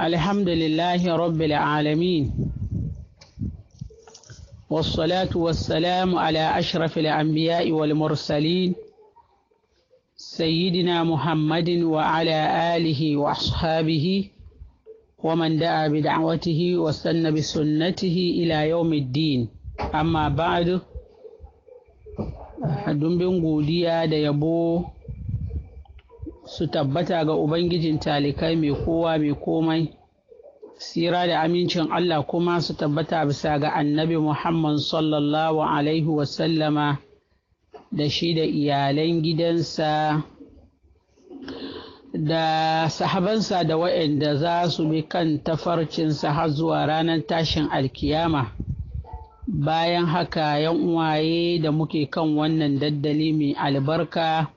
الحمد لله رب العالمين والصلاة والسلام على أشرف الأنبياء والمرسلين سيدنا محمد وعلى آله وأصحابه ومن دعا بدعوته وسن بسنته إلى يوم الدين أما بعد حدن بن godiya da su tabbata ga Ubangijin talikai mai kowa mai komai, sira da amincin Allah kuma su tabbata bisa ga annabi Muhammad sallallahu Alaihi wasallama da shi da iyalan gidansa da sahabansa da waɗanda za su bi kan tafarcinsa har zuwa ranar tashin alkiyama. Bayan haka, yan uwaye da muke kan wannan daddali mai albarka.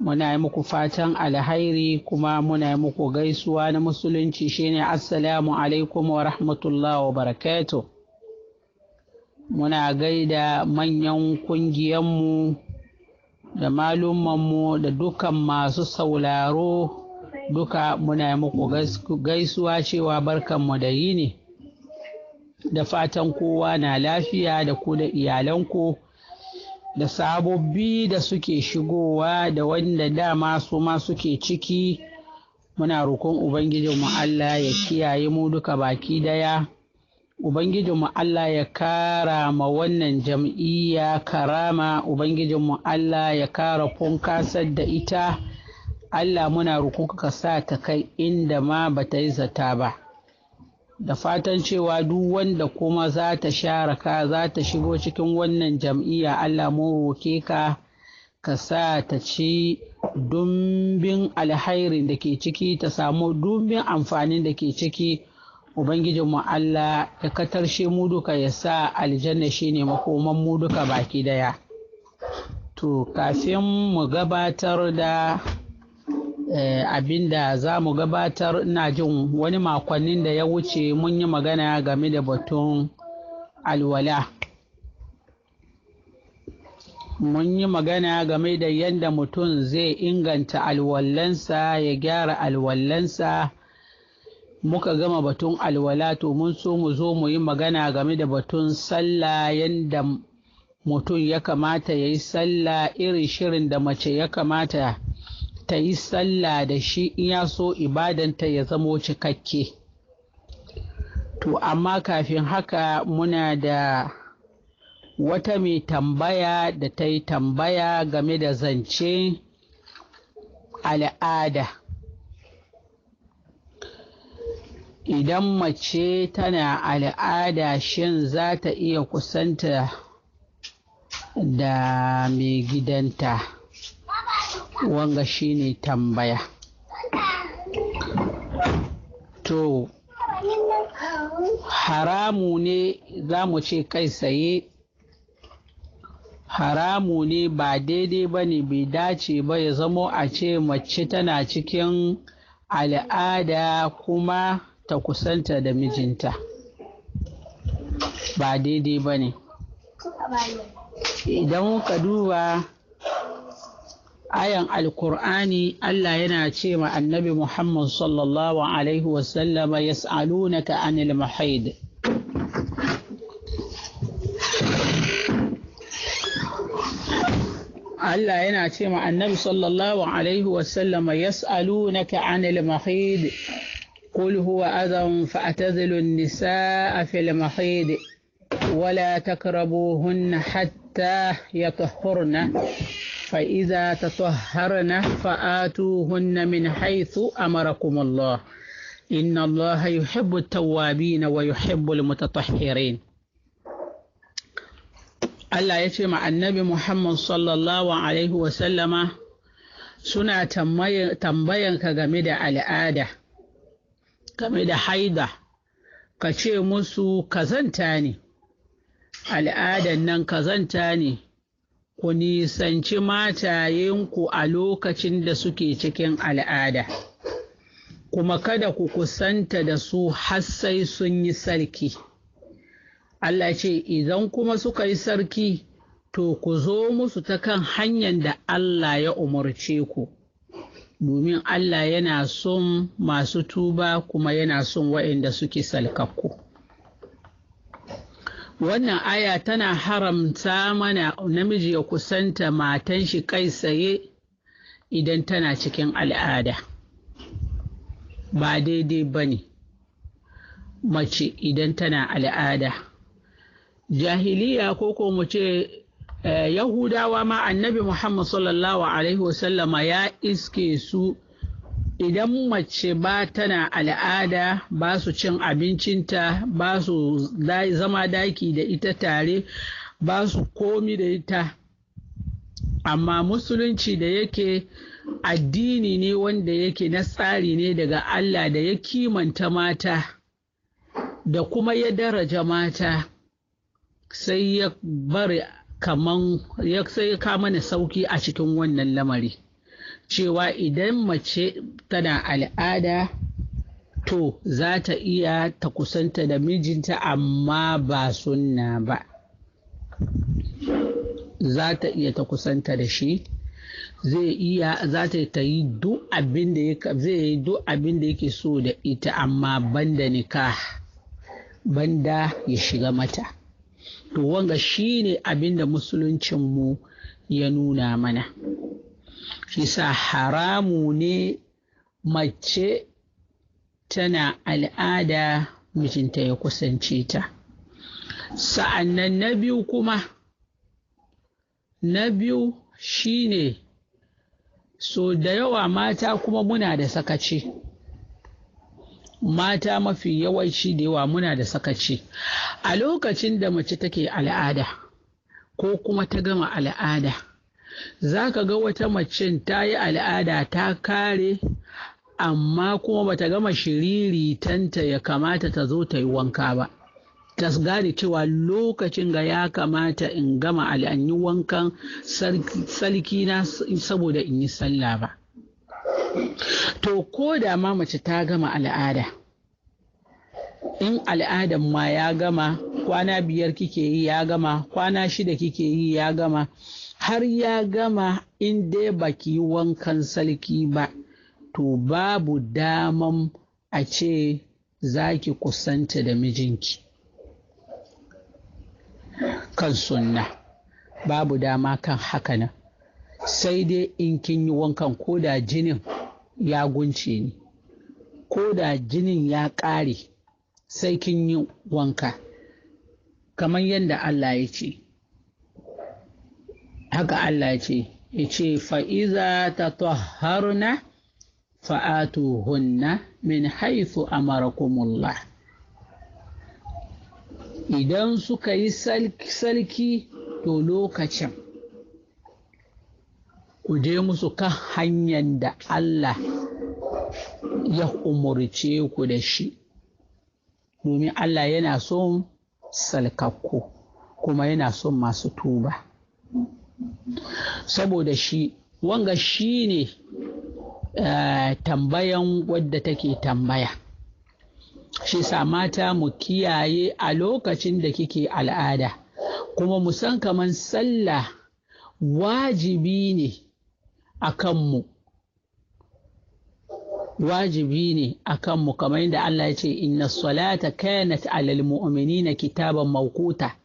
muna yi muku fatan alhairi kuma muna yi muku gaisuwa na musulunci shine assalamu alaikum wa rahmatullah wa barakatuh muna gaida manyan kungiyanmu da malumanmu da dukan masu sauraro duka muna yi muku gaisuwa cewa barkanmu da yi ne da fatan kowa na lafiya da ku da iyalanku da sabobbi da suke shigowa da wanda dama su ma suke ciki muna rukun ubangijinmu Allah ya kiyaye mu duka baki daya ubangijinmu Allah ya kara ma wannan jam'iyya karama ubangijinmu Allah ya kara funkasar da ita Allah muna roƙon ka sa ta kai inda ma bata yi zata ba da fatan cewa duk wanda kuma za ta share ka za ta shigo cikin wannan jam'iyya Allah mu roke ka ka sa ta ci dumbin alhairin da ke ciki ta samu dumbin amfanin da ke ciki ubangijin mu Allah ya katarshe mu duka ya sa aljanna ne makoman mu duka baki daya. To kafin mu gabatar da Eh, abin da za mu gabatar ina jin wani makonnin da ya wuce mun yi magana game da batun alwala mun yi magana game da yadda mutum zai inganta alwallansa ya gyara alwallansa muka gama batun alwala to mun so mu zo mu yi magana game da batun sallah yadda mutum ya kamata ya yi sallah irin shirin da mace ya kamata ta yi sallah da shi in ya so ibadanta ya zamo cikakke to amma kafin haka muna da wata mai tambaya da ta yi tambaya game da zance al'ada idan mace tana al'ada shin za ta iya kusanta da mai gidanta wanga shine tambaya to haramu ne za mu ce kai tsaye haramu ne ba daidai ba ne bai dace ba ya zamo a ce mace tana cikin al'ada kuma ta kusanta da mijinta ba daidai ba ne idan ka duba ayan alkur'ani Allah yana ce ma annabi Muhammad sallallahu alaihi wasallama yas'alunaka anil mahid Allah yana ce ma annabi sallallahu alaihi wasallama yas'alunaka anil mahid قل هو أذى فأتذل النساء في المحيض ولا تقربوهن حتى يطهرن فإذا تطهرن فآتوهن من حيث أمركم الله إن الله يحب التوابين ويحب المتطهرين Allah ya ce ma annabi Muhammad sallallahu Alaihi wasallama suna tambayanka game da al'ada, game da haida, ka ce musu kazanta ne, al'adan nan kazanta ne. ku nisanci matayenku a lokacin da suke cikin al'ada, kuma kada ku kusanta da su har sai sun yi sarki. Allah ce, Idan kuma suka yi sarki, to ku zo musu ta kan hanyar da Allah ya umarce ku, domin Allah yana son masu tuba kuma yana son waɗanda suke salkakku. wannan aya tana haramta mana namiji ya kusanta matan shi kai tsaye idan tana cikin al'ada ba daidai ba ne mace idan tana al'ada jahiliya ko ko mu ce eh, yahudawa ma annabi muhammad sallallahu alaihi wasallama ya iske su idan mace ba tana al'ada ba su cin abincinta ba su zama daki da ita tare ba su komi da ita amma musulunci da yake addini ne wanda yake na tsari ne daga allah da ya kimanta mata da kuma ya daraja mata sai ya bari kaman sai ya kama na sauki a cikin wannan lamari cewa idan mace tana al'ada to za ta iya ta kusanta da mijinta amma ba sunna ba za ta iya ta kusanta da shi zai iya za ta yi duk abin da yake so da ita amma banda nika banda ya shiga mata to wanga shine abin da musuluncinmu ya nuna mana Kisa haramu ne mace tana al'ada mijinta ya kusance ta. Sa'annan na biyu kuma, na biyu shi ne, so da yawa mata kuma muna da sakaci. Mata mafi yawanci da yawa muna da sakaci. A lokacin da mace take al'ada, ko kuma ta gama al'ada. za ka ga wata macen ta yi al'ada ta kare amma kuma bata gama tanta ya kamata ta zo ta yi wanka ba ta gane cewa lokacin ga ya kamata in gama al'anyi wankan sarki na saboda in yi sallah ba to ko da ma mace ta gama al'ada in al'adan ma ya gama kwana biyar kike yi ya gama kwana shida kike yi ya gama har ya gama in dai baki wankan sarki ba to babu daman a ce za ki kusanta da mijinki kan sunna babu dama kan haka nan sai dai in kin yi wankan ko da jinin ya gunce ni, ko da jinin ya ƙare sai kin yi wanka kamar yadda Allah ya ce haka Allah ce ya ce fa'iza ta taharna fa'atu hunna min haifu a marakumullah. idan suka yi sarki to lokacin ku je musu kan hanyar da Allah ya umurce ku da shi domin Allah yana son salkakku kuma yana son masu tuba. saboda shi wanga shi ne uh, tambayan wadda take tambaya shi mata mu kiyaye a lokacin da kike al'ada kuma musan san kaman sallah wajibi ne a kanmu wajibi ne a kanmu kamar yadda Allah ya ce inna salata kanat alal mu'minina kitaban mawquta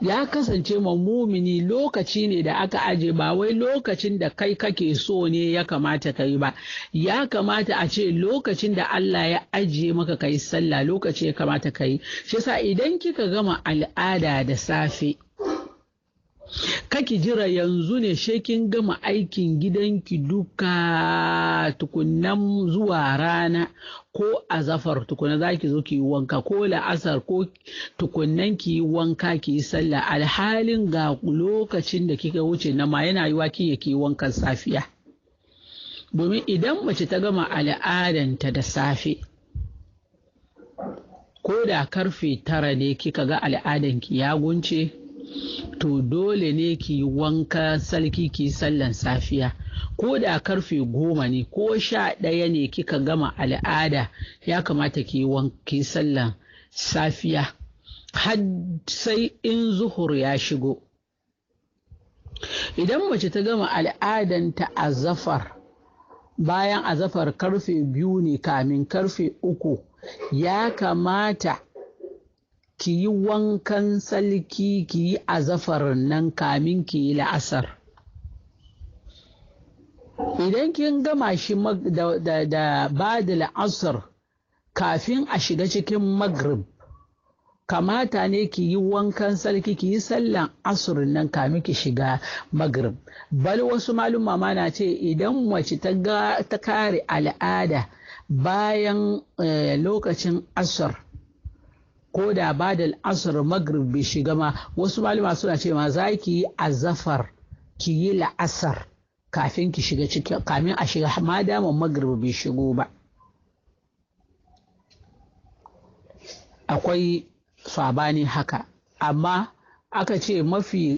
ya kasance ma mumini lokaci ne da aka aje ba wai lokacin da kai kake so ne ya kamata ka yi ba ya kamata a ce lokacin da Allah ya ajiye maka ka yi sallah lokaci ya kamata ka yi shi idan kika gama al'ada da safe kaki jira yanzu ne shekin gama aikin gidanki duka tukunan zuwa rana ko a zafar tukuna za ki zo ki yi wanka ko la'asar ko tukunan ki yi wanka ki yi sallah alhalin ga lokacin da kika wuce na ma yana yiwa ya ki yi wankan safiya domin idan mace ta gama al'adanta da safe ko da karfe tara ne kika ga al'adanki ya gunce to dole ne ki wanka salki ki sallan safiya ko da karfe goma ne ko sha ɗaya ne kika gama al'ada ya kamata ki sallan safiya har sai in zuhur ya shigo idan mace ta gama al'adanta a zafar bayan azafar karfe biyu ne kamin karfe uku ya kamata ki yi wankan salki ki yi azafar nan kamin ki yi la'asar idan kin gama shi da ba da la'asar kafin a shiga cikin maghrib kamata ne ki yi wankan salki ki yi sallan asur nan kamin ki shiga maghrib bal wasu maluma ma na ce idan mace ta kare al'ada bayan eh, lokacin asur? ko da ba da asar maghrib bai shiga ma wasu malama suna ce ma za ki yi azafar ki yi la'asar kafin ki shiga cikin kamin a shiga ma dama maghrib bai shigo ba akwai sabani haka amma aka ce mafi